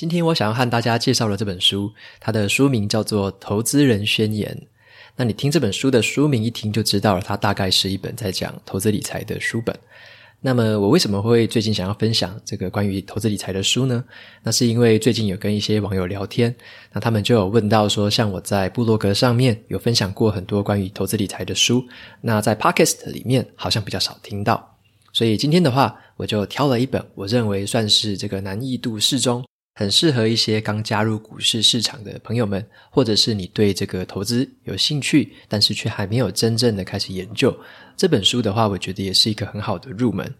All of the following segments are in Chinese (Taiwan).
今天我想要和大家介紹的這本書，它的書名叫做《投資人宣言》。那你聽這本書的書名一聽就知道了，它大概是一本在講投資理財的書本。那麼我為什麼會最近想要分享這個關於投資理財的書呢？那是因為最近有跟一些網友聊天，那他們就有問到說，像我在部落格上面有分享過很多關於投資理財的書，那在 Podcast 裡面好像比較少聽到，所以今天的話，我就挑了一本我認為算是這個難易度適中。很適合一些剛加入股市市場的朋友們，或者是你對這個投資有興趣，但是卻還沒有真正的開始研究這本書的話，我覺得也是一個很好的入門。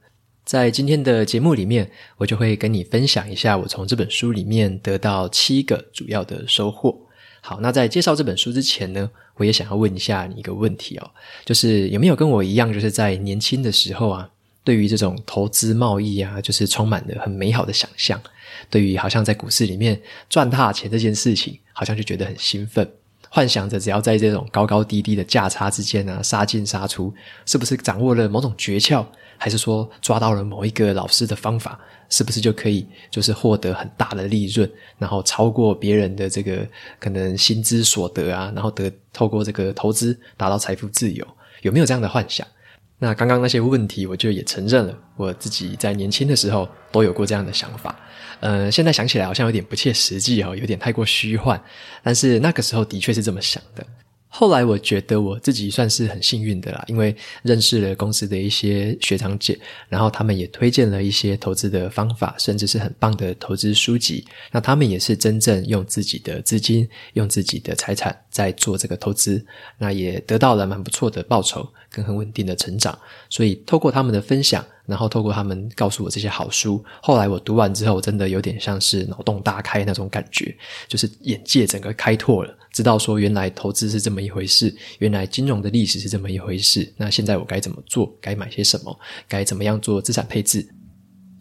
在今天的節目裡面，我就會跟你分享一下我從這本書裡面得到七個主要的收穫。好，那在介紹這本書之前呢，我也想要問一下你一個問題哦，就是有沒有跟我一樣，就是在年輕的時候啊？對於這種投資交易啊，就是充滿了很美好的想象。對於好像在股市裡面賺大錢這件事情，好像就覺得很興奮，幻想着只要在這種高高低低的價差之間啊，殺進殺出，是不是掌握了某種訣竅，還是說抓到了某一個老師的方法，是不是就可以就是獲得很大的利潤，然後超過別人的這個可能薪資所得啊，然後得透過這個投資達到財富自由，有沒有這樣的幻想？那剛剛那些問題，我就也承認了，我自己在年輕的時候都有過這樣的想法。呃，現在想起來好像有點不切實際哦，有點太過虛幻。但是那個時候的確是這麼想的。後來我覺得我自己算是很幸運的啦，因為認識了公司的一些學長姐，然後他們也推薦了一些投資的方法，甚至是很棒的投資書籍。那他們也是真正用自己的資金、用自己的財產在做這個投資，那也得到了蠻不錯的報酬。跟很穩定的成長，所以透過他們的分享，然後透過他們告訴我這些好書，後來我讀完之後，真的有點像是腦洞大開那種感覺，就是眼界整個開拓了，知道說原來投資是這麼一回事，原來金融的歷史是這麼一回事，那現在我該怎麼做？該買些什麼？該怎麼樣做資產配置？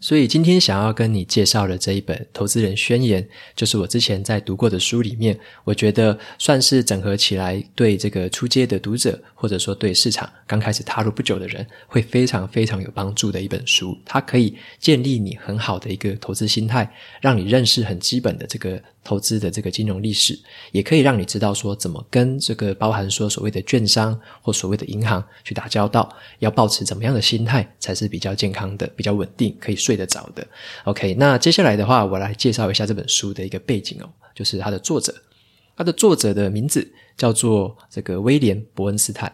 所以今天想要跟你介紹的這一本《投資人宣言》，就是我之前在讀過的書裡面，我覺得算是整合起來對這個初階的讀者，或者說對市場剛開始踏入不久的人，會非常非常有幫助的一本書。它可以建立你很好的一個投資心態，讓你認識很基本的這個，投資的這個金融歷史，也可以讓你知道說怎麼跟這個包含說所謂的券商或所謂的銀行去打交道，要保持怎麼樣的心態才是比較健康的、比較穩定、可以睡得着的。OK，那接下來的話，我來介紹一下這本書的一個背景哦，就是它的作者，它的作者的名字叫做這個威廉伯恩斯坦。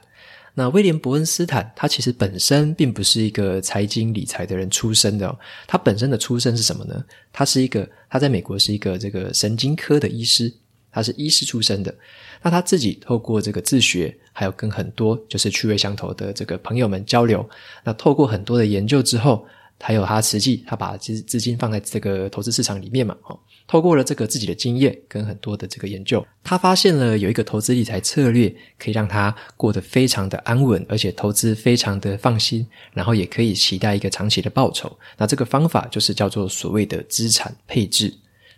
那威廉伯恩斯坦，他其實本身並不是一個財經理財的人出身的哦，他本身的出身是什麼呢？他是一個，他在美國是一個這個神經科的醫師，他是醫師出身的。那他自己透過這個自學，還有跟很多就是趣味相投的這個朋友們交流，那透過很多的研究之後。還有他實際，他把資資金放在這個投資市場裡面嘛，哦，透過了這個自己的經驗跟很多的這個研究，他發現了有一個投資理財策略，可以讓他過得非常的安穩，而且投資非常的放心，然後也可以期待一個長期的報酬。那這個方法就是叫做所謂的資產配置。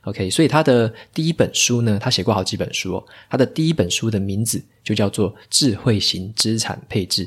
OK，所以他的第一本書呢，他寫過好幾本書，哦，他的第一本書的名字就叫做《智慧型資產配置》。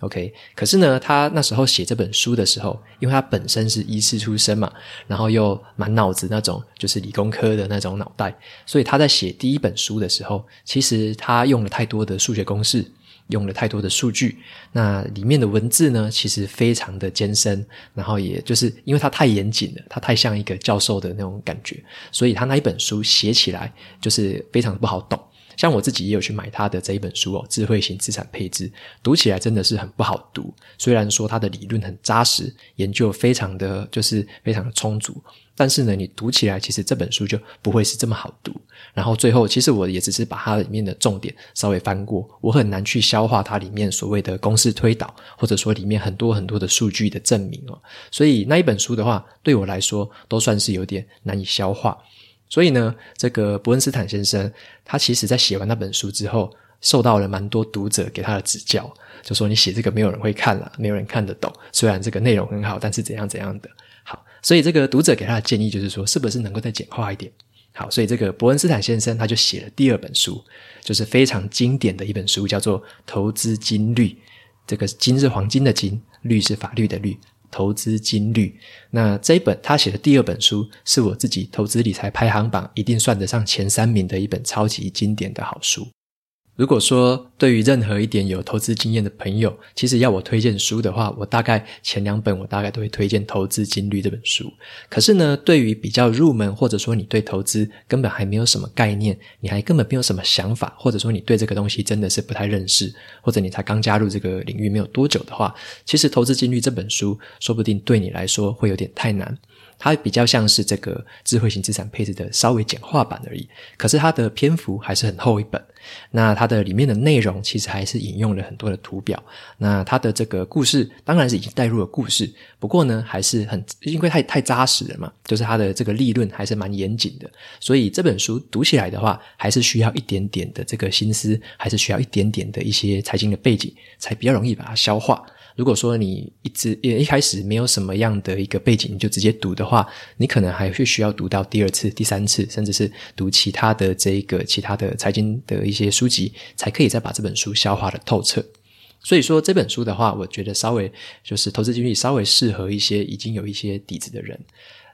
OK，可是呢，他那時候寫這本書的時候，因為他本身是醫師出身嘛，然後又滿腦子那種就是理工科的那種腦袋，所以他在寫第一本書的時候，其實他用了太多的數學公式，用了太多的數據，那裡面的文字呢，其實非常的艱深，然後也就是因為他太嚴謹了，他太像一個教授的那種感覺，所以他那一本書寫起來就是非常不好懂。像我自己也有去買他的這一本書哦，《智慧型資產配置》，讀起來真的是很不好讀。雖然說他的理論很扎實，研究非常的就是非常的充足，但是呢，你讀起來其實這本書就不會是這麼好讀。然後最後，其實我也只是把它裡面的重點稍微翻過，我很難去消化它裡面所謂的公式推導，或者說裡面很多很多的數據的證明哦。所以那一本書的話，對我來說都算是有點難以消化。所以呢，這個伯恩斯坦先生，他其實在寫完那本書之後，受到了蠻多讀者給他的指教，就說你寫這個沒有人會看啦，沒有人看得懂，雖然這個內容很好，但是怎樣怎樣的。好，所以這個讀者給他的建議就是說，是不是能夠再簡化一點？好，所以這個伯恩斯坦先生他就寫了第二本書，就是非常經典的一本書，叫做《投資金律》，這個“金”是黃金的“金”，“律”是法律的“律”。投資金律。那這一本他寫的第二本書，是我自己投資理財排行榜一定算得上前三名的一本超級經典的好書。如果說對於任何一點有投資經驗的朋友，其實要我推薦書的話，我大概前兩本我大概都會推薦《投資金律》這本書。可是呢，對於比較入門，或者說你對投資根本還沒有什麼概念，你還根本沒有什麼想法，或者說你對這個東西真的是不太認識，或者你才剛加入這個領域沒有多久的話，其實《投資金律》這本書說不定對你來說會有點太難。它比較像是這個智慧型資產配置的稍微簡化版而已，可是它的篇幅還是很厚一本。那它的裡面的內容其實還是引用了很多的圖表，那它的這個故事當然是已經帶入了故事，不過呢還是很因為太太扎實了嘛，就是它的這個理論還是蠻嚴謹的，所以這本書讀起來的話，還是需要一點點的這個心思，還是需要一點點的一些財經的背景，才比較容易把它消化。如果說你一直一一開始沒有什麼樣的一個背景，你就直接讀的話，你可能還會需要讀到第二次、第三次，甚至是讀其他的這個其他的財經的一些書籍，才可以再把這本書消化的透徹。所以說這本書的話，我覺得稍微就是投資經歷稍微適合一些已經有一些底子的人。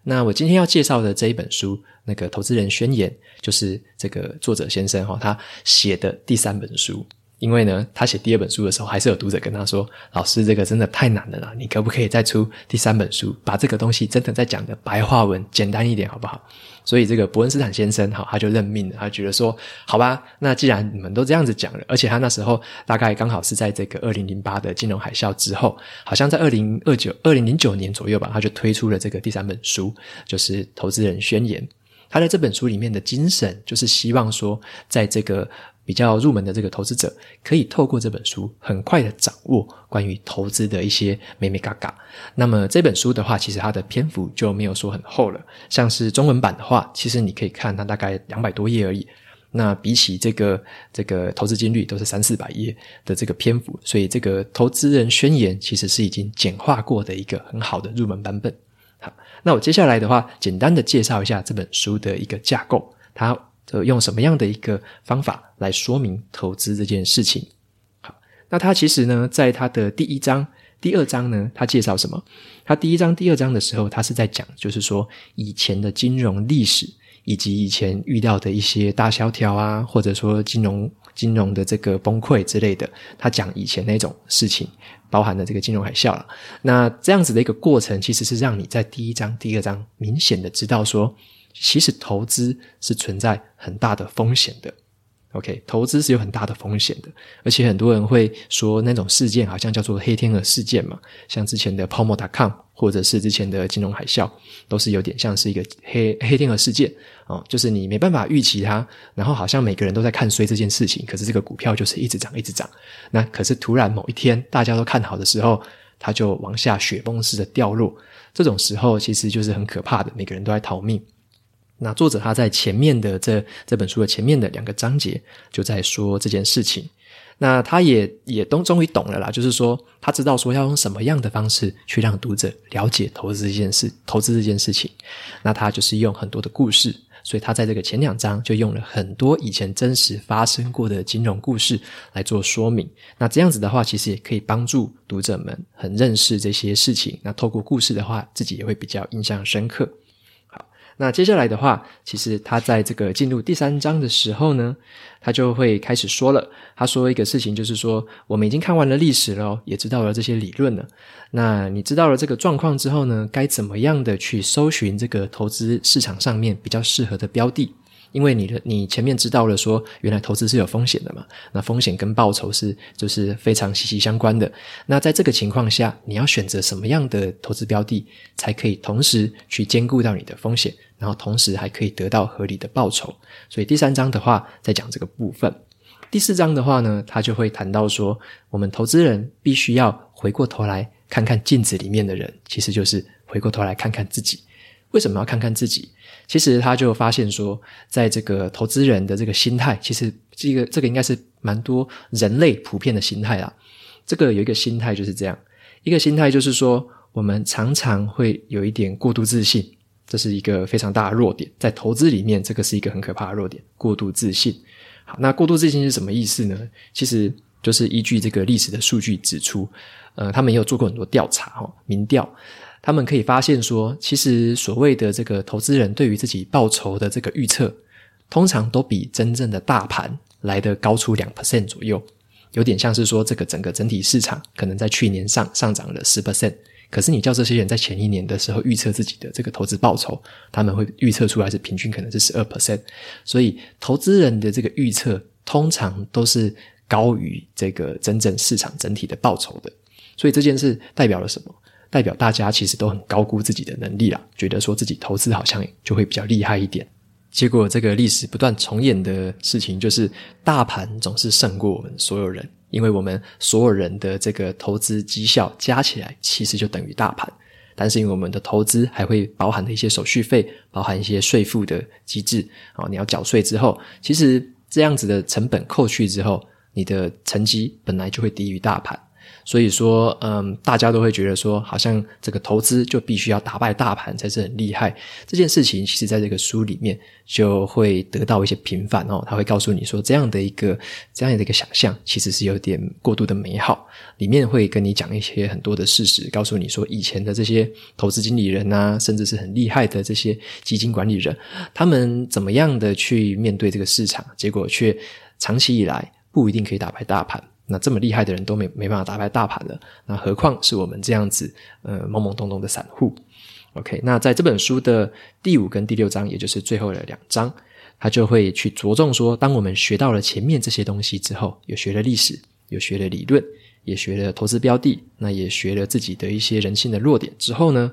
那我今天要介紹的這一本書，那個《投資人宣言》，就是這個作者先生，哦，他寫的第三本書。因為呢，他寫第二本書的時候，還是有讀者跟他說：“老師，這個真的太難了啦，你可不可以再出第三本書，把這個東西真的再講的白話文簡單一點，好不好？”所以，這個伯恩斯坦先生好，他就認命了，他覺得說：“好吧，那既然你們都這樣子講了，而且他那時候大概剛好是在這個二零零八的金融海嘯之後，好像在二零二九二零零九年左右吧，他就推出了這個第三本書，就是《投資人宣言》。他在這本書裡面的精神，就是希望說，在這個……比較入門的這個投資者，可以透過這本書很快的掌握關於投資的一些眉眉角角。那麼這本書的話，其實它的篇幅就沒有說很厚了。像是中文版的話，其實你可以看它大概兩百多頁而已。那比起這個這個投資金律都是三四百頁的這個篇幅，所以這個投資人宣言其實是已經簡化過的一個很好的入門版本。好，那我接下來的話，簡單的介紹一下這本書的一個架構，它。就用什麼樣的一個方法來說明投資這件事情？好，那他其實呢，在他的第一章、第二章呢，他介紹什麼？他第一章、第二章的時候，他是在講，就是說以前的金融歷史，以及以前遇到的一些大蕭條啊，或者說金融、金融的這個崩潰之類的。他講以前那種事情，包含了這個金融海嘯了。那這樣子的一個過程，其實是讓你在第一章、第二章明顯的知道說。其實投資是存在很大的風險的，OK，投資是有很大的風險的，而且很多人會說，那種事件好像叫做黑天鵝事件嘛，像之前的泡沫達康，或者是之前的金融海嘯，都是有點像是一個黑黑天鵝事件啊、哦，就是你沒辦法預期它，然後好像每個人都在看衰這件事情，可是這個股票就是一直漲一直漲，那可是突然某一天大家都看好的時候，它就往下雪崩似的掉落，這種時候其實就是很可怕的，每個人都在逃命。那作者他在前面的這這本書的前面的兩個章節就在說這件事情。那他也也都終於懂了啦，就是說他知道說要用什麼樣的方式去讓讀者了解投資這件事，投資這件事情。那他就是用很多的故事，所以他在這個前兩章就用了很多以前真實發生過的金融故事來做說明。那這樣子的話，其實也可以幫助讀者們很認識這些事情。那透過故事的話，自己也會比較印象深刻。那接下來的話，其實他在這個進入第三章的時候呢，他就會開始說了。他說一個事情就是說，我們已經看完了歷史了，也知道了這些理論了。那你知道了這個狀況之後呢，該怎麼樣的去搜尋這個投資市場上面比較適合的標的。因為你的你前面知道了說，原來投資是有風險的嘛，那風險跟報酬是就是非常息息相關的。那在這個情況下，你要選擇什麼樣的投資標的，才可以同時去兼顧到你的風險，然後同時還可以得到合理的報酬。所以第三章的話，在講這個部分。第四章的話呢，他就會談到說，我們投資人必須要回過頭來看看鏡子裡面的人，其實就是回過頭來看看自己。為什麼要看看自己？其實他就發現說，在這個投資人的這個心態，其實這個這個應該是蠻多人類普遍的心態啦。這個有一個心態就是這樣，一個心態就是說，我們常常會有一點過度自信，這是一個非常大的弱點。在投資裡面，這個是一個很可怕的弱點——過度自信。好，那過度自信是什麼意思呢？其實就是依據這個歷史的數據指出，呃，他們也有做過很多調查，哦，民調。他們可以發現說，其實所謂的這個投資人對於自己報酬的這個預測，通常都比真正的大盤來得高出兩 percent 左右，有點像是說，這個整個整體市場可能在去年上上漲了十 percent，可是你叫這些人在前一年的時候預測自己的這個投資報酬，他們會預測出來是平均可能是十二 percent，所以投資人的這個預測通常都是高於這個真正市場整體的報酬的，所以這件事代表了什麼？代表大家其實都很高估自己的能力啦，覺得說自己投資好像就會比較厲害一點。結果這個歷史不斷重演的事情就是，大盤總是勝過我們所有人，因為我們所有人的這個投資績效加起來其實就等於大盤。但是因為我們的投資還會包含了一些手續費，包含一些稅負的機制啊、哦，你要繳稅之後，其實這樣子的成本扣去之後，你的成績本來就會低於大盤。所以說，嗯，大家都會覺得說，好像這個投資就必須要打敗大盤才是很厲害。這件事情，其實在這個書裡面就會得到一些平反哦，他會告訴你說，這樣的一個這樣的一個想象，其實是有點過度的美好。裡面會跟你講一些很多的事實，告訴你說，以前的這些投資經理人啊，甚至是很厲害的這些基金管理人，他們怎麼樣的去面對這個市場，結果卻長期以來不一定可以打敗大盤。那這麼厲害的人都沒沒辦法打敗大盤了，那何況是我們這樣子呃懵懵懂懂的散戶？OK，那在這本書的第五跟第六章，也就是最後的兩章，他就會去着重說，當我們學到了前面這些東西之後，有學了歷史，有學了理論，也學了投資標的，那也學了自己的一些人性的弱點之後呢，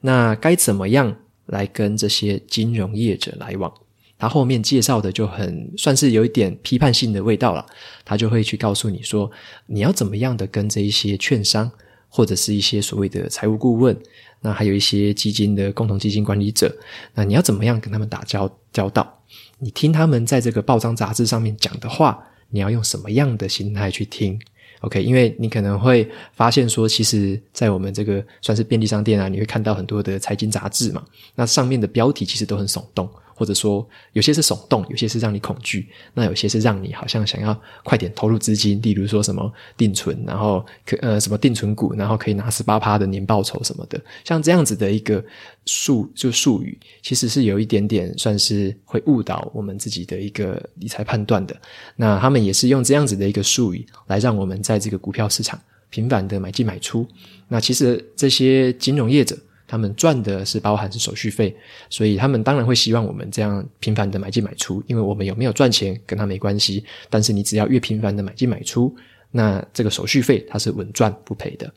那該怎麼樣來跟這些金融業者來往？他後面介紹的就很算是有一點批判性的味道了。他就會去告訴你說，你要怎麼樣的跟這一些券商或者是一些所謂的財務顧問，那還有一些基金的共同基金管理者，那你要怎麼樣跟他們打交交道？你聽他們在這個報章雜誌上面講的話，你要用什麼樣的心態去聽？OK，因為你可能會發現說，其實，在我們這個算是便利商店啊，你會看到很多的財經雜誌嘛，那上面的標題其實都很聳動。或者說，有些是聳動，有些是讓你恐懼，那有些是讓你好像想要快點投入資金，例如說什麼定存，然後可呃什麼定存股，然後可以拿十八趴的年報酬什麼的，像這樣子的一個術就術語，其實是有一點點算是會誤導我們自己的一個理財判斷的。那他們也是用這樣子的一個術語來讓我們在這個股票市場頻繁的買進買出。那其實這些金融業者。他們賺的是包含是手續費，所以他們當然會希望我們這樣頻繁的買進賣出，因為我們有沒有賺錢跟他沒關係。但是你只要越頻繁的買進賣出，那這個手續費它是穩賺不賠的。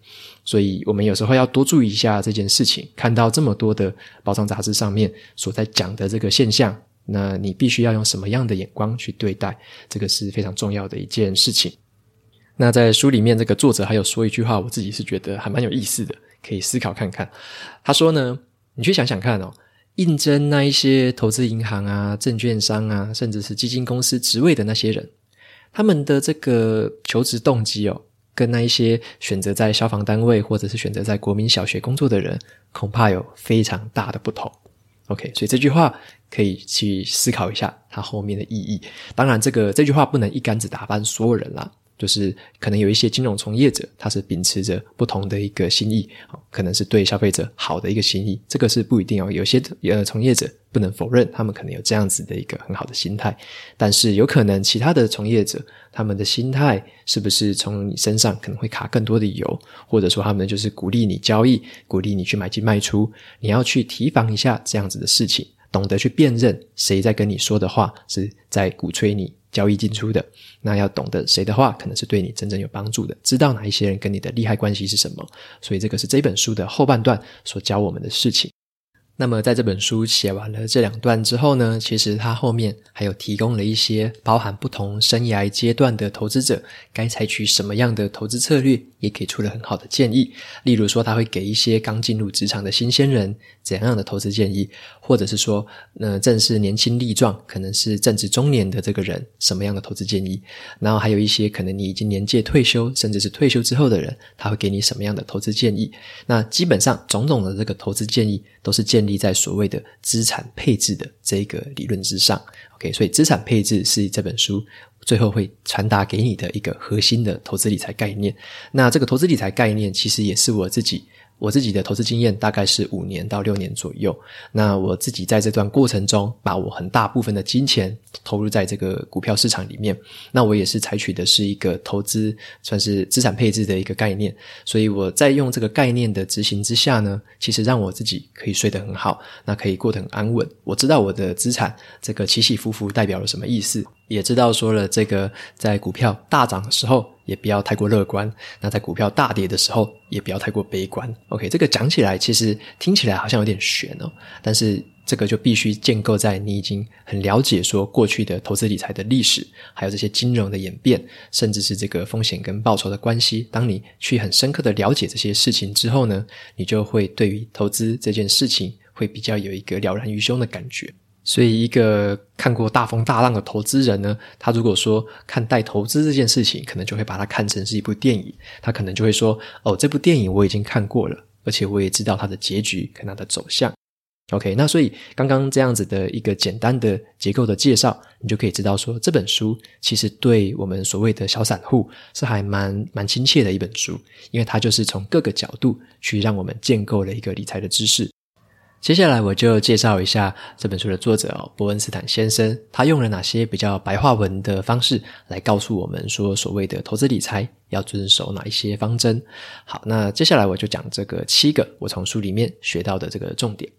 所以我們有時候要多注意一下這件事情。看到這麼多的報章雜誌上面所在講的這個現象，那你必須要用什麼樣的眼光去對待？這個是非常重要的一件事情。那在書裡面，這個作者還有說一句話，我自己是覺得還蠻有意思的。可以思考看看，他說呢，你去想想看哦，應徵那一些投資銀行啊、證券商啊，甚至是基金公司職位的那些人，他們的這個求職動機哦，跟那一些選擇在消防單位或者是選擇在國民小學工作的人，恐怕有非常大的不同。OK，所以這句話可以去思考一下它後面的意義。當然，這個這句話不能一竿子打翻所有人啦。就是可能有一些金融從業者，他是秉持着不同的一個心意，可能是對消費者好的一個心意，這個是不一定哦。有些呃從業者不能否認，他們可能有這樣子的一個很好的心態，但是有可能其他的從業者，他們的心態是不是從你身上可能會卡更多的油，或者說他們就是鼓勵你交易，鼓勵你去買進賣出，你要去提防一下這樣子的事情，懂得去辨認誰在跟你說的話是在鼓吹你。交易進出的，那要懂得誰的話，可能是對你真正有幫助的。知道哪一些人跟你的利害關係是什麼，所以這個是這本書的後半段所教我們的事情。那麼在這本書寫完了這兩段之後呢，其實它後面還有提供了一些包含不同生涯階段的投資者該採取什麼樣的投資策略，也給出了很好的建議。例如說，他會給一些剛進入職場的新鮮人。怎樣的投資建議，或者是說，呃，正是年輕力壯，可能是正值中年的這個人，什麼樣的投資建議？然後還有一些可能你已經年屆退休，甚至是退休之後的人，他會給你什麼樣的投資建議？那基本上，種種的這個投資建議，都是建立在所謂的資產配置的這個理論之上。OK，所以資產配置是這本書最後會傳達給你的一個核心的投資理財概念。那這個投資理財概念，其實也是我自己。我自己的投資經驗大概是五年到六年左右。那我自己在這段過程中，把我很大部分的金錢投入在這個股票市場裡面。那我也是採取的是一個投資，算是資產配置的一個概念。所以我在用這個概念的執行之下呢，其實讓我自己可以睡得很好，那可以過得很安穩。我知道我的資產這個起起伏伏代表了什麼意思。也知道說了，這個在股票大漲的時候也不要太過樂觀；那在股票大跌的時候也不要太過悲觀。OK，這個講起來其實聽起來好像有點玄哦，但是這個就必須建構在你已經很了解說過去的投資理財的歷史，還有這些金融的演變，甚至是這個風險跟報酬的關係。當你去很深刻的了解這些事情之後呢，你就會對於投資這件事情會比較有一個了然於胸的感覺。所以，一個看過大風大浪的投資人呢，他如果說看待投資這件事情，可能就會把它看成是一部電影。他可能就會說：“哦，這部電影我已經看過了，而且我也知道它的結局跟它的走向。” OK，那所以剛剛這樣子的一個簡單的結構的介紹，你就可以知道說，這本書其實對我們所謂的小散戶是還蠻蠻親切的一本書，因為它就是從各個角度去讓我們建構了一個理財的知識。接下來我就介紹一下這本書的作者哦，伯恩斯坦先生，他用了哪些比較白話文的方式來告訴我們說，所謂的投資理財要遵守哪一些方針？好，那接下來我就講這個七個我從書裡面學到的這個重點。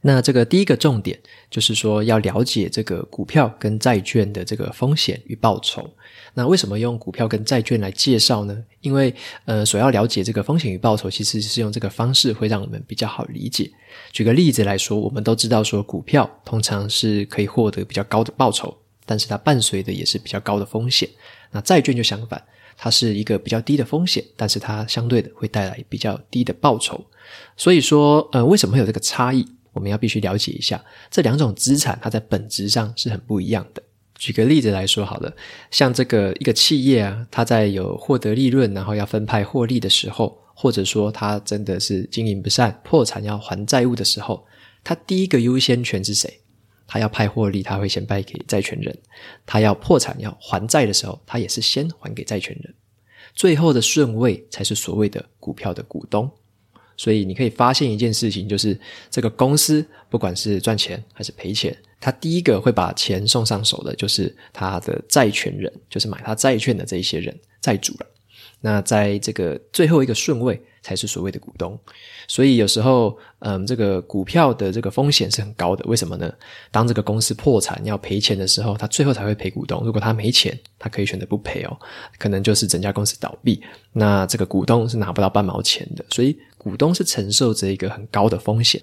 那這個第一個重點就是說，要了解這個股票跟債券的這個風險與報酬。那為什麼用股票跟債券來介紹呢？因為呃，所要了解這個風險與報酬，其實是用這個方式會讓我們比較好理解。舉個例子來說，我們都知道說，股票通常是可以獲得比較高的報酬，但是它伴隨的也是比較高的風險。那債券就相反，它是一個比較低的風險，但是它相對的會帶來比較低的報酬。所以說，呃，為什麼會有這個差異？我們要必須了解一下這兩種資產，它在本質上是很不一樣的。舉個例子來說好了，像這個一個企業啊，它在有獲得利潤，然後要分派獲利的時候，或者說它真的是經營不善、破產要還債務的時候，它第一個優先權是誰？它要派獲利，它會先派給債權人；它要破產要還債的時候，它也是先還給債權人，最後的順位才是所謂的股票的股東。所以你可以發現一件事情，就是這個公司不管是賺錢還是賠錢，他第一個會把錢送上手的，就是他的債權人，就是買他債券的這一些人債主了。那在這個最後一個順位，才是所謂的股東。所以有時候，嗯，這個股票的這個風險是很高的。為什麼呢？當這個公司破產要賠錢的時候，他最後才會賠股東。如果他沒錢，他可以選擇不賠哦，可能就是整家公司倒閉，那這個股東是拿不到半毛錢的。所以。股東是承受着一個很高的風險，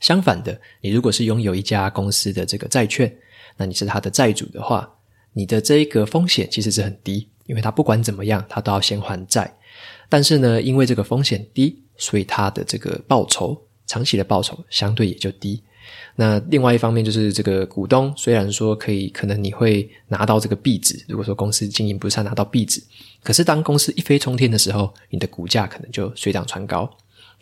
相反的，你如果是擁有一家公司的這個債券，那你是他的債主的話，你的這一個風險其實是很低，因為他不管怎麼樣，他都要先還債。但是呢，因為這個風險低，所以他的這個報酬，長期的報酬相對也就低。那另外一方面就是，這個股東雖然說可以，可能你會拿到這個壁紙，如果說公司經營不善拿到壁紙，可是當公司一飛衝天的時候，你的股價可能就水漲船高。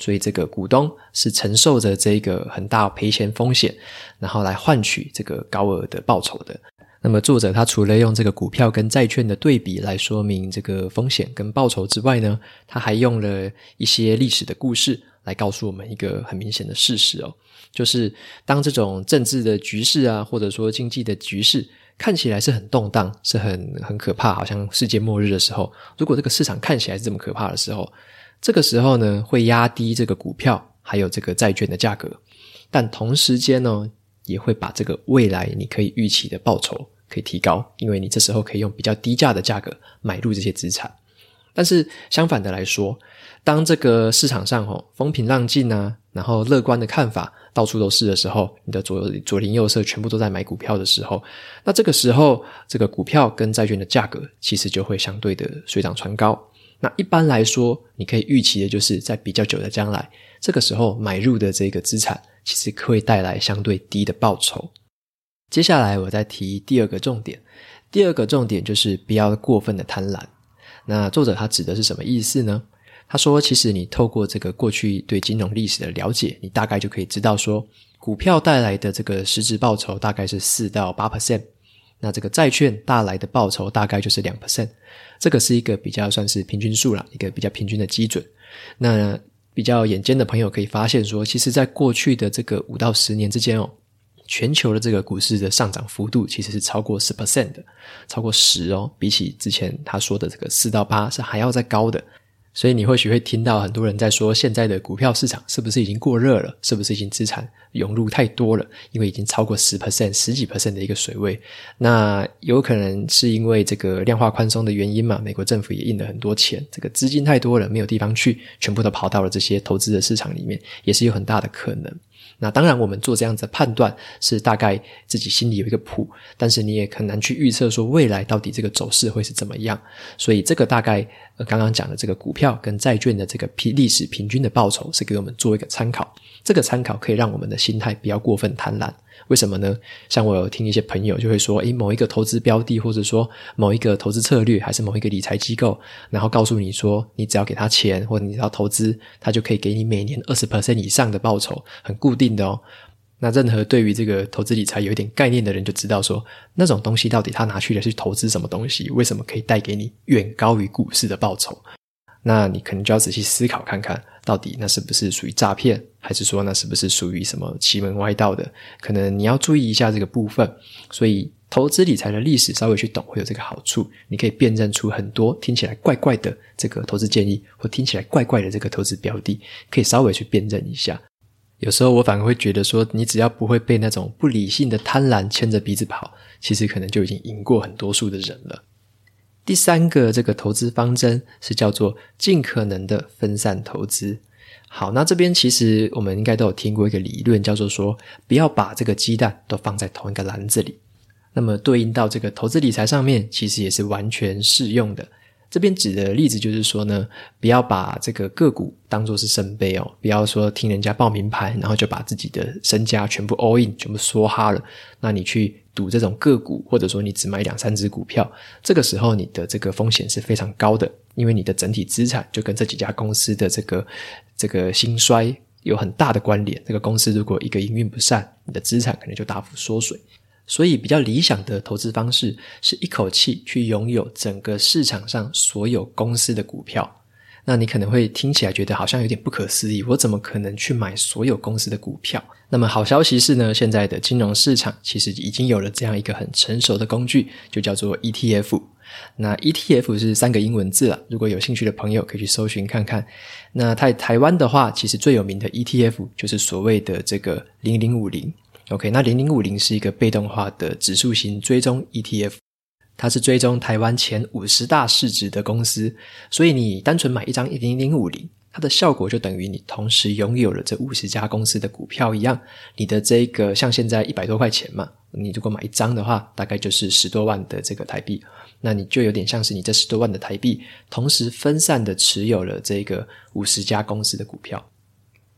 所以，這個股東是承受着這個很大賠錢風險，然後來換取這個高額的報酬的。那麼，作者他除了用這個股票跟債券的對比來說明這個風險跟報酬之外呢，他還用了一些歷史的故事來告訴我們一個很明顯的事實哦，就是當這種政治的局勢啊，或者說經濟的局勢，看起來是很動盪，是很很可怕，好像世界末日的時候。如果這個市場看起來是這麼可怕的時候，這個時候呢，會壓低這個股票還有這個債券的價格。但同時間呢，也會把這個未來你可以預期的報酬可以提高，因為你這時候可以用比較低價的價格買入這些資產。但是相反的來說，當這個市場上吼，哦，風平浪靜啊然後樂觀的看法到處都是的時候，你的左左鄰右舍全部都在買股票的時候，那這個時候這個股票跟債券的價格其實就會相對的水漲船高。那一般來說，你可以預期的就是在比較久的將來，這個時候買入的這個資產其實可以帶來相對低的報酬。接下來我再提第二個重點，第二個重點就是不要過分的貪婪。那作者他指的是什麼意思呢？他說：“其實你透過這個過去對金融歷史的了解，你大概就可以知道說，說股票帶來的這個實質報酬大概是四到八 percent。那這個債券帶來的報酬大概就是兩 percent。這個是一個比較算是平均數啦，一個比較平均的基準。那比較眼尖的朋友可以發現說，說其實在過去的這個五到十年之間哦，全球的這個股市的上漲幅度其實是超過十 percent 的，超過十哦，比起之前他說的這個四到八是還要再高的。”所以你或許會聽到很多人在說，現在的股票市場是不是已經過熱了？是不是已經資產湧入太多了？因為已經超過十 percent、十幾 percent 的一個水位，那有可能是因為這個量化寬鬆的原因嘛，美國政府也印了很多錢，這個資金太多了，沒有地方去，全部都跑到了這些投資的市場裡面，也是有很大的可能。那當然，我們做這樣子的判斷是大概自己心裡有一個譜，但是你也很難去預測說未來到底這個走勢會是怎麼樣。所以這個大概剛剛講的這個股票跟債券的這個平歷史平均的報酬是給我們做一個參考，這個參考可以讓我們的心態不要過分貪婪。為什麼呢？像我有聽一些朋友就會說，誒，某一個投資標的，或者說某一個投資策略，還是某一個理財機構，然後告訴你說，你只要給他錢，或者你只要投資，他就可以給你每年二十 percent 以上的報酬，很固定的哦。那任何對於這個投資理財有一點概念的人，就知道說，那種東西到底他拿去了去投資什麼東西，為什麼可以帶給你遠高於股市的報酬？那你可能就要仔細思考看看，到底那是不是屬於詐騙？還是說，那是不是屬於什麼奇門歪道的？可能你要注意一下這個部分。所以，投資理財的歷史稍微去懂，會有這個好處。你可以辨認出很多聽起來怪怪的這個投資建議，或聽起來怪怪的這個投資標的，可以稍微去辨認一下。有時候，我反而會覺得說，你只要不會被那種不理性的貪婪牽着鼻子跑，其實可能就已經贏過很多數的人了。第三個，這個投資方針是叫做盡可能的分散投資。好，那這邊其實我們應該都有聽過一個理論，叫做說不要把這個雞蛋都放在同一個籃子裡。那麼對應到這個投資理財上面，其實也是完全適用的。這邊指的例子就是說呢，不要把這個個股當做是聖杯哦，不要說聽人家報名牌，然後就把自己的身家全部 all in，全部梭哈了。那你去賭這種個股，或者說你只買兩三隻股票，這個時候你的這個風險是非常高的，因為你的整體資產就跟這幾家公司的這個這個興衰有很大的關聯。這個公司如果一個營運不善，你的資產可能就大幅縮水。所以比較理想的投資方式是一口氣去擁有整個市場上所有公司的股票。那你可能會聽起來覺得好像有點不可思議，我怎麼可能去買所有公司的股票？那麼好消息是呢，現在的金融市場其實已經有了這樣一個很成熟的工具，就叫做 ETF。那 ETF 是三個英文字啦，如果有興趣的朋友可以去搜尋看看。那在台灣的話，其實最有名的 ETF 就是所謂的這個零零五零。OK，那零零五零是一個被動化的指數型追蹤 ETF，它是追蹤台灣前五十大市值的公司，所以你單純買一張零零五零，它的效果就等於你同時擁有了這五十家公司的股票一樣。你的這個像現在一百多塊錢嘛，你如果買一張的話，大概就是十多萬的這個台幣，那你就有點像是你這十多萬的台幣，同時分散的持有了這個五十家公司的股票。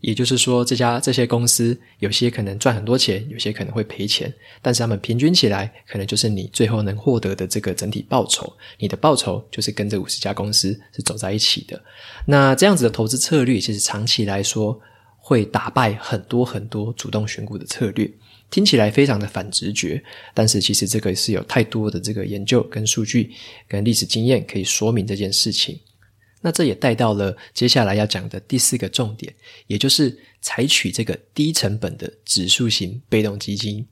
也就是說，這家這些公司有些可能賺很多錢，有些可能會賠錢，但是他們平均起來，可能就是你最後能獲得的這個整體報酬。你的報酬就是跟這五十家公司是走在一起的。那這樣子的投資策略，其實長期來說會打敗很多很多主動選股的策略。聽起來非常的反直覺，但是其實這個是有太多的這個研究跟數據跟歷史經驗可以說明這件事情。那這也帶到了接下來要講的第四個重點，也就是採取這個低成本的指數型被動基金。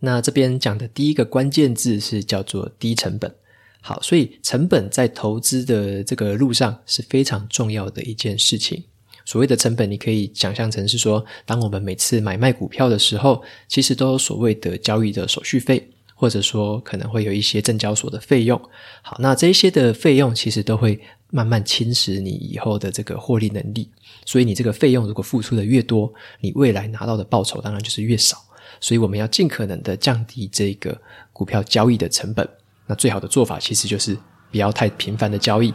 那這邊講的第一個關鍵字是叫做低成本。好，所以成本在投資的這個路上是非常重要的一件事情。所謂的成本，你可以想象成是說，當我們每次買賣股票的時候，其實都有所謂的交易的手續費，或者說可能會有一些證交所的費用。好，那這些的費用其實都會。慢慢侵蝕你以後的這個獲利能力，所以你這個費用如果付出的越多，你未來拿到的報酬當然就是越少。所以我們要盡可能的降低這個股票交易的成本。那最好的做法其實就是不要太頻繁的交易，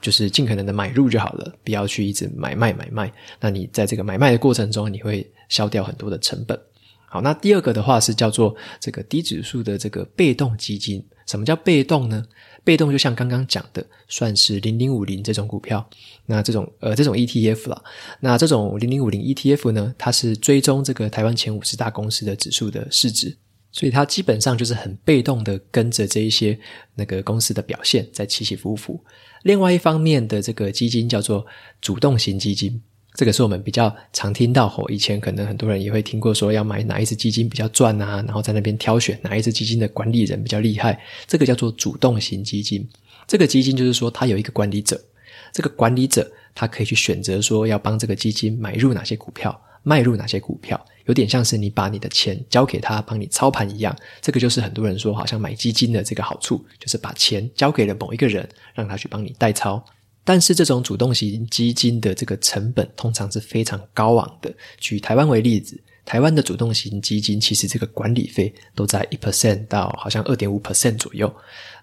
就是盡可能的買入就好了，不要去一直買賣買賣。那你在這個買賣的過程中，你會消掉很多的成本。好，那第二個的話是叫做這個低指數的這個被動基金。什麼叫被動呢？被動就像剛剛講的，算是零零五零這種股票，那這種呃這種 ETF 啦，那這種零零五零 ETF 呢，它是追蹤這個台灣前五十大公司的指數的市值，所以它基本上就是很被動地跟着這一些那個公司的表現在起起伏伏。另外一方面的這個基金叫做主動型基金。這個是我們比較常聽到吼，以前可能很多人也會聽過，說要買哪一支基金比較賺啊，然後在那邊挑選哪一支基金的管理人比較厲害，這個叫做主動型基金。這個基金就是說，它有一個管理者，這個管理者他可以去選擇說要幫這個基金買入哪些股票、賣入哪些股票，有點像是你把你的錢交給他幫你操盤一樣。這個就是很多人說好像買基金的這個好處，就是把錢交給了某一個人，讓他去幫你代操。但是這種主動型基金的這個成本通常是非常高昂的。舉台灣為例子，台灣的主動型基金其實這個管理費都在一 percent 到好像二點五 percent 左右。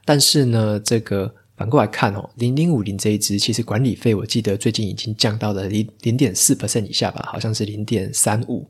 但是呢，這個反過來看哦，零零五零這一支其實管理費我記得最近已經降到了零零點四 percent 以下吧，好像是零點三五。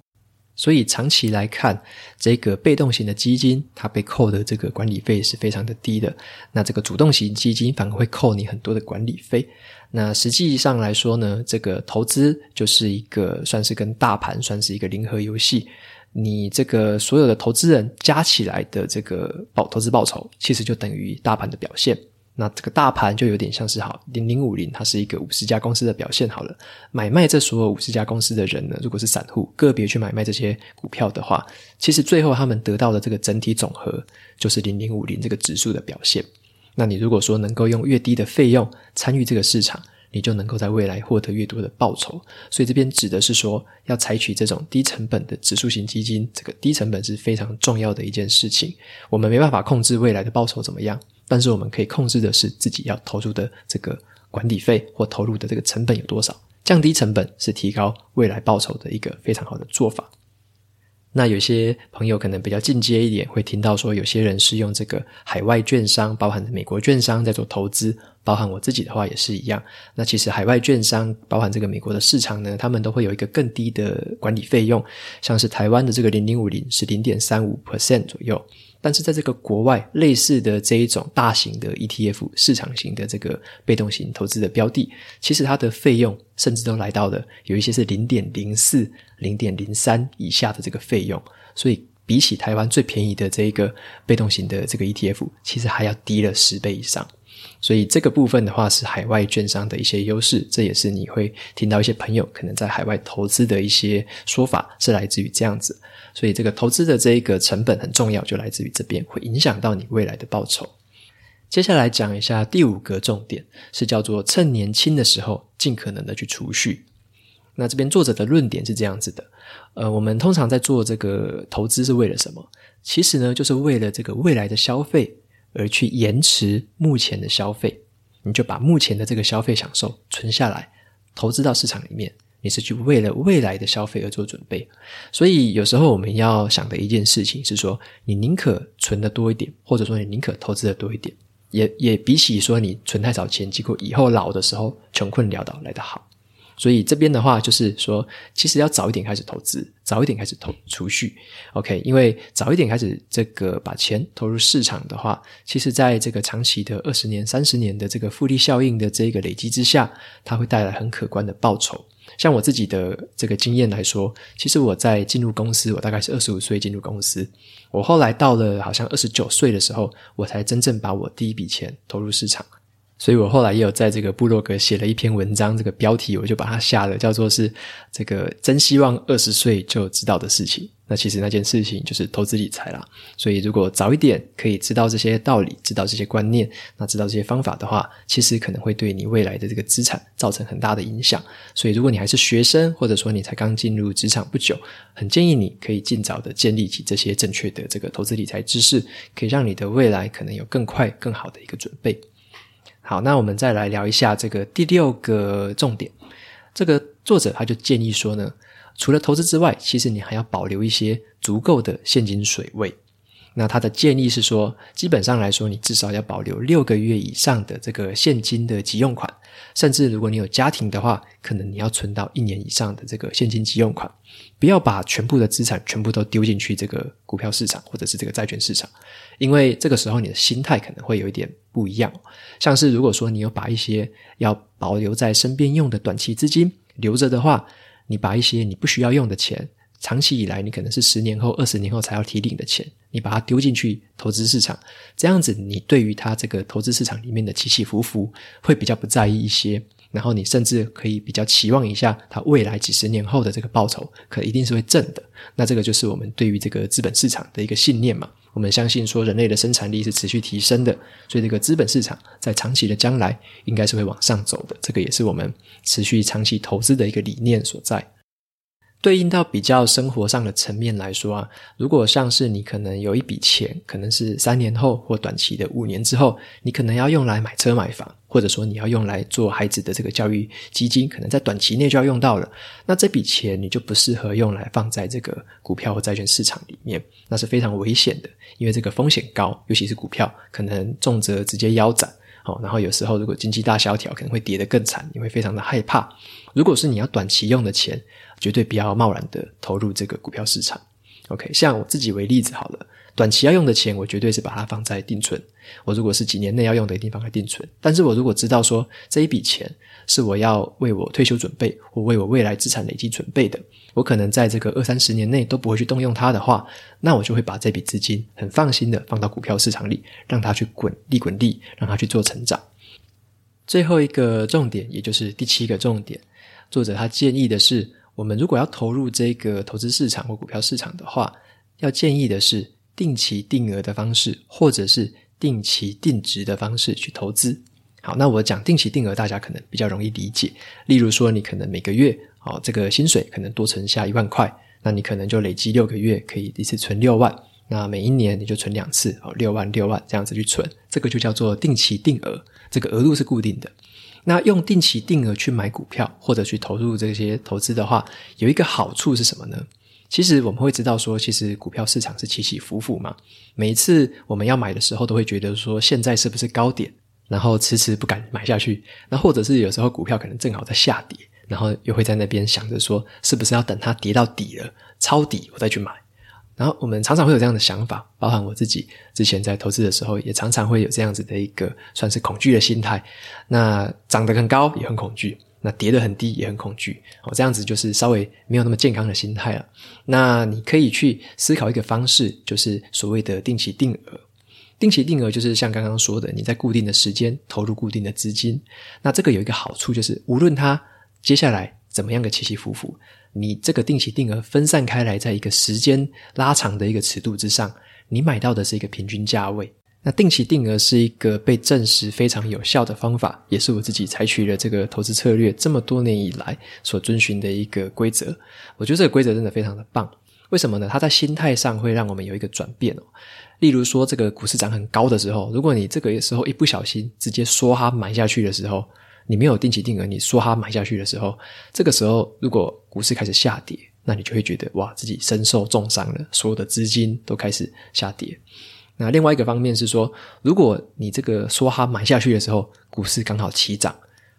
所以長期來看，這個被動型的基金，它被扣的這個管理費是非常的低的。那這個主動型基金反而會扣你很多的管理費。那實際上來說呢，這個投資就是一個算是跟大盤算是一個零和遊戲。你這個所有的投資人加起來的這個報投資報酬，其實就等於大盤的表現。那這個大盤就有點像是好，零零五零，它是一個五十家公司的表現好了。買賣這所有五十家公司的人呢，如果是散戶個別去買賣這些股票的話，其實最後他們得到的這個整體總和就是零零五零這個指數的表現。那你如果說能夠用越低的費用參與這個市場，你就能夠在未來獲得越多的報酬。所以這邊指的是說，要採取這種低成本的指數型基金，這個低成本是非常重要的一件事情。我們沒辦法控制未來的報酬怎麼樣。但是我們可以控制的是自己要投入的這個管理費或投入的這個成本有多少。降低成本是提高未來報酬的一個非常好的做法。那有些朋友可能比較進階一點，會聽到說有些人是用這個海外券商，包含美國券商在做投資，包含我自己的話也是一樣。那其實海外券商包含這個美國的市場呢，他們都會有一個更低的管理費用，像是台灣的這個零零五零是零點三五 percent 左右。但是在這個國外類似的這一種大型的 ETF 市場型的這個被動型投資的標的，其實它的費用甚至都來到了，有一些是零點零四、零點零三以下的這個費用，所以比起台灣最便宜的這一個被動型的這個 ETF，其實還要低了十倍以上。所以這個部分的話是海外券商的一些優勢，這也是你會聽到一些朋友可能在海外投資的一些說法，是來自於這樣子。所以這個投資的這一個成本很重要，就來自於這邊會影響到你未來的報酬。接下來講一下第五個重點，是叫做趁年輕的時候儘可能的去儲蓄。那這邊作者的論點是這樣子的：呃，我們通常在做這個投資是為了什麼？其實呢，就是為了這個未來的消費。而去延遲目前的消費，你就把目前的這個消費享受存下來，投資到市場裡面，你是去為了未來的消費而做準備。所以有時候我們要想的一件事情是說，你寧可存得多一點，或者說你寧可投資得多一點，也也比起說你存太少錢，結果以後老的時候窮困潦倒來得好。所以這邊的話，就是說，其實要早一點開始投資，早一點開始投儲蓄，OK？因為早一點開始這個把錢投入市場的話，其實在這個長期的二十年、三十年的這個複利效應的這個累積之下，它會帶來很可觀的報酬。像我自己的這個經驗來說，其實我在進入公司，我大概是二十五歲進入公司，我後來到了好像二十九歲的時候，我才真正把我第一筆錢投入市場。所以我後來也有在這個部落格寫了一篇文章，這個標題我就把它下了，叫做是這個真希望二十歲就知道的事情。那其實那件事情就是投資理財啦，所以如果早一點可以知道這些道理，知道這些觀念，那知道這些方法的話，其實可能會對你未來的這個資產造成很大的影響。所以如果你還是學生，或者說你才剛進入職場不久，很建議你可以盡早的建立起這些正確的這個投資理財知識，可以讓你的未來可能有更快、更好的一個準備。好，那我們再來聊一下這個第六個重點。這個作者他就建議說呢，除了投資之外，其實你還要保留一些足夠的現金水位。那他的建議是說，基本上來說，你至少要保留六個月以上的這個現金的急用款，甚至如果你有家庭的話，可能你要存到一年以上的這個現金急用款，不要把全部的資產全部都丟進去這個股票市場或者是這個債券市場，因為這個時候你的心態可能會有一點不一樣。像是如果說你有把一些要保留在身邊用的短期資金留着的話，你把一些你不需要用的錢。長期以來，你可能是十年後、二十年後才要提領的錢，你把它丟進去投資市場，這樣子，你對於它這個投資市場裡面的起起伏伏會比較不在意一些。然後，你甚至可以比較期望一下它未來幾十年後的這個報酬，可一定是會正的。那這個就是我們對於這個資本市場的一個信念嘛。我們相信說，人類的生產力是持續提升的，所以這個資本市場在長期的將來應該是會往上走的。這個也是我們持續長期投資的一個理念所在。對應到比較生活上的層面來說啊，如果像是你可能有一筆錢，可能是三年後或短期的五年之後，你可能要用來買車買房，或者說你要用來做孩子的這個教育基金，可能在短期內就要用到了。那這筆錢你就不適合用來放在這個股票或債券市場裡面，那是非常危險的，因為這個風險高，尤其是股票，可能重則直接腰斬，好，哦，然後有時候如果經濟大蕭條，可能會跌得更慘，你會非常的害怕。如果是你要短期用的錢。絕對不要貿然的投入這個股票市場。OK，像我自己為例子好了，短期要用的錢，我絕對是把它放在定存。我如果是幾年內要用的，一定放在定存。但是我如果知道說這一筆錢是我要為我退休準備或為我未來資產累積準備的，我可能在這個二三十年內都不會去動用它的話，那我就會把這筆資金很放心的放到股票市場裡，讓它去滾，利滾利，讓它去做成長。最後一個重點，也就是第七個重點，作者他建議的是。我們如果要投入這個投資市場或股票市場的話，要建議的是定期定額的方式，或者是定期定值的方式去投資。好，那我講定期定額，大家可能比較容易理解。例如說，你可能每個月哦，這個薪水可能多存下一萬塊，那你可能就累積六個月可以一次存六萬。那每一年你就存兩次哦，六萬六萬這樣子去存，這個就叫做定期定額，這個額度是固定的。那用定期定額去買股票，或者去投入這些投資的話，有一個好處是什麼呢？其實我們會知道說，其實股票市場是起起伏伏嘛。每一次我們要買的時候，都會覺得說現在是不是高點，然後遲遲不敢買下去。那或者是有時候股票可能正好在下跌，然後又會在那邊想着說，是不是要等它跌到底了抄底，我再去買。然後我們常常會有這樣的想法，包含我自己之前在投資的時候，也常常會有這樣子的一個算是恐懼的心態。那漲得很高也很恐懼，那跌得很低也很恐懼。哦，這樣子就是稍微沒有那麼健康的心態了啊。那你可以去思考一個方式，就是所謂的定期定額。定期定額就是像剛剛說的，你在固定的時間投入固定的資金。那這個有一個好處，就是無論它接下來怎麼樣的起起伏伏。你這個定期定額分散開來，在一個時間拉長的一個尺度之上，你買到的是一個平均價位。那定期定額是一個被證實非常有效的方法，也是我自己採取了這個投資策略這麼多年以來所遵循的一個規則。我覺得這個規則真的非常的棒。為什麼呢？它在心態上會讓我們有一個轉變哦。例如說，這個股市漲很高的時候，如果你這個時候一不小心直接梭哈買下去的時候。你沒有定期定額，你梭哈買下去的時候，這個時候如果股市開始下跌，那你就會覺得哇，自己身受重傷了，所有的資金都開始下跌。那另外一個方面是說，如果你這個梭哈買下去的時候，股市剛好起漲，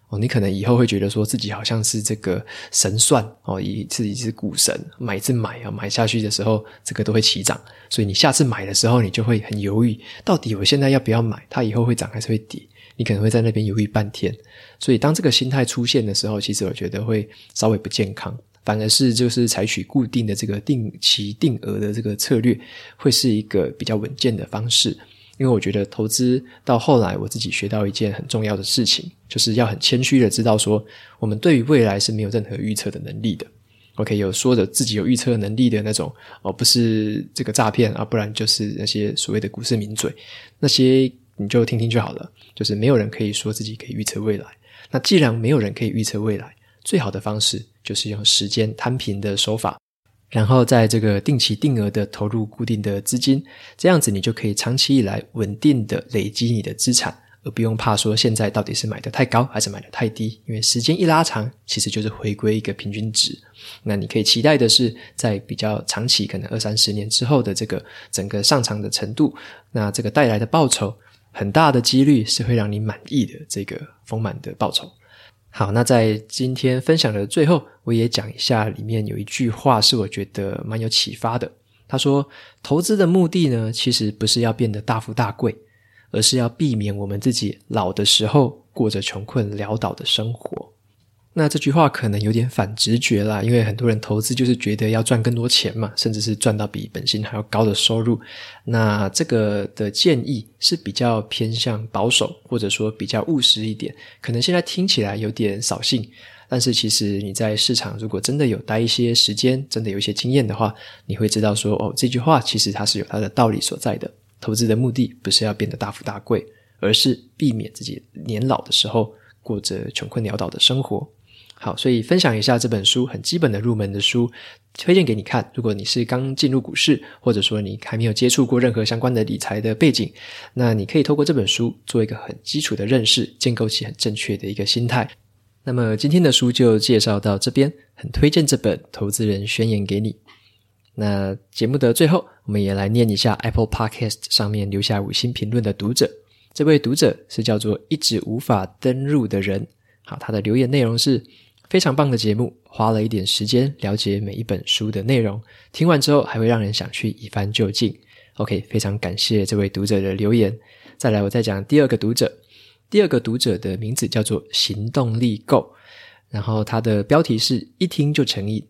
哦，你可能以後會覺得說自己好像是這個神算哦，一自己是股神，買一次買啊買下去的時候，這個都會起漲，所以你下次買的時候，你就會很猶豫，到底我現在要不要買？它以後會漲還是會跌？你可能會在那邊猶豫半天，所以當這個心態出現的時候，其實我覺得會稍微不健康。反而是就是採取固定的這個定期定額的這個策略，會是一個比較穩健的方式。因為我覺得投資到後來，我自己學到一件很重要的事情，就是要很謙虛的知道說，我們對於未來是沒有任何預測的能力的。OK，有說着自己有預測能力的那種，哦，不是這個詐騙啊，不然就是那些所謂的股市名嘴那些。你就聽聽就好了。就是沒有人可以說自己可以預測未來。那既然沒有人可以預測未來，最好的方式就是用時間攤平的手法，然後在這個定期定額的投入固定的資金，這樣子你就可以長期以來穩定的累積你的資產，而不用怕說現在到底是買得太高還是買得太低，因為時間一拉長，其實就是回歸一個平均值。那你可以期待的是，在比較長期，可能二三十年之後的這個整個上漲的程度，那這個帶來的報酬。很大的幾率是會讓你滿意的這個豐滿的報酬。好，那在今天分享的最後，我也講一下裡面有一句話是我覺得蠻有啟發的。他說：“投資的目的呢，其實不是要變得大富大貴，而是要避免我們自己老的時候過着窮困潦倒的生活。”那這句話可能有點反直覺啦，因為很多人投資就是覺得要賺更多錢嘛，甚至是賺到比本薪還要高的收入。那這個的建議是比較偏向保守，或者說比較務實一點。可能現在聽起來有點掃興，但是其實你在市場如果真的有待一些時間，真的有一些經驗的話，你會知道說哦，這句話其實它是有它的道理所在的。投資的目的不是要變得大富大貴，而是避免自己年老的時候過着窮困潦倒的生活。好，所以分享一下這本書很基本的入門的書，推薦給你看。如果你是剛進入股市，或者說你還沒有接觸過任何相關的理財的背景，那你可以透過這本書做一個很基礎的認識，建構起很正確的一個心態。那麼今天的書就介紹到這邊，很推薦這本《投資人宣言》給你。那節目的最後，我們也來念一下 Apple Podcast 上面留下五星評論的讀者。這位讀者是叫做“一直無法登入的人”。好，他的留言內容是。非常棒的節目，花了一點時間了解每一本書的內容。聽完之後，還會讓人想去一番究竟。OK，非常感謝這位讀者的留言。再來，我再講第二個讀者。第二個讀者的名字叫做行動力夠，然後他的標題是一聽就成癮。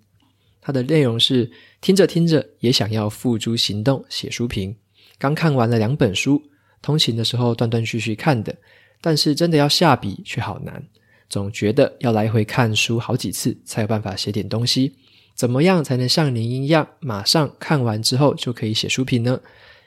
他的內容是聽着聽着也想要付諸行動，寫書評。剛看完了兩本書，通勤的時候斷斷續續看的，但是真的要下筆卻好難。總覺得要來回看書好幾次才有辦法寫點東西，怎麼樣才能像您一樣，馬上看完之後就可以寫書評呢？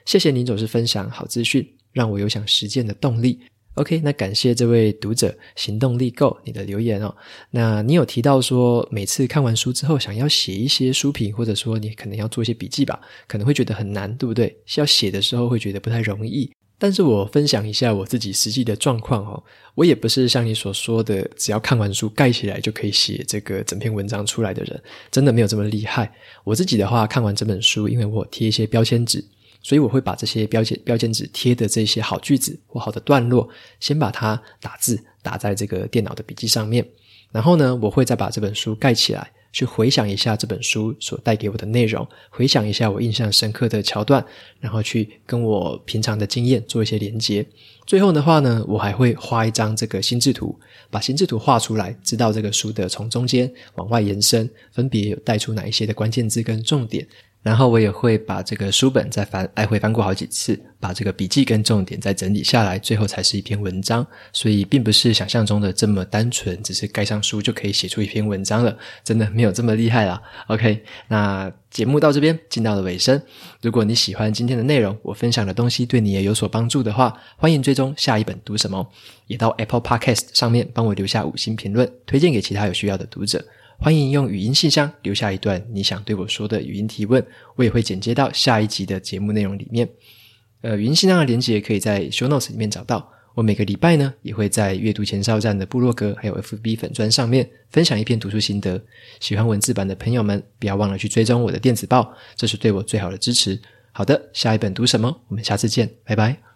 謝謝您總是分享好資訊，讓我有想實踐的動力。OK，那感謝這位讀者行動力夠你的留言哦。那你有提到說，每次看完書之後想要寫一些書評，或者說你可能要做一些筆記吧，可能會覺得很難，對不對？要寫的時候會覺得不太容易。但是我分享一下我自己實際的狀況哦，我也不是像你所說的，只要看完書蓋起來就可以寫這個整篇文章出來的人，真的沒有這麼厲害。我自己的話，看完這本書，因為我貼一些標籤紙，所以我會把這些標籤標籤紙貼的這些好句子或好的段落，先把它打字打在這個電腦的筆記上面，然後呢，我會再把這本書蓋起來。去回想一下這本書所帶給我的內容，回想一下我印象深刻的橋段，然後去跟我平常的經驗做一些連接。最後的話呢，我還會畫一張這個心智圖，把心智圖畫出來，知道這個書的從中間往外延伸，分別有帶出哪一些的關鍵字跟重點。然後我也會把這個書本再翻，來回翻過好幾次，把這個筆記跟重點再整理下來，最後才是一篇文章。所以並不是想象中的這麼單純，只是蓋上書就可以寫出一篇文章了，真的沒有這麼厲害啦。OK，那節目到這邊進到了尾聲。如果你喜歡今天的內容，我分享的東西對你也有所幫助的話，歡迎追蹤下一本讀什麼哦，也到 Apple Podcast 上面幫我留下五星評論，推薦給其他有需要的讀者。歡迎用語音信箱留下一段你想對我說的語音提問，我也會剪接到下一集的節目內容裡面。呃，語音信箱的連接可以在 Show Notes 裡面找到。我每個禮拜呢，也會在閱讀前哨站的部落格還有 FB 粉專上面分享一篇讀書心得。喜歡文字版的朋友們，不要忘了去追蹤我的電子報，這是對我最好的支持。好的，下一本讀什麼？我們下次見，拜拜。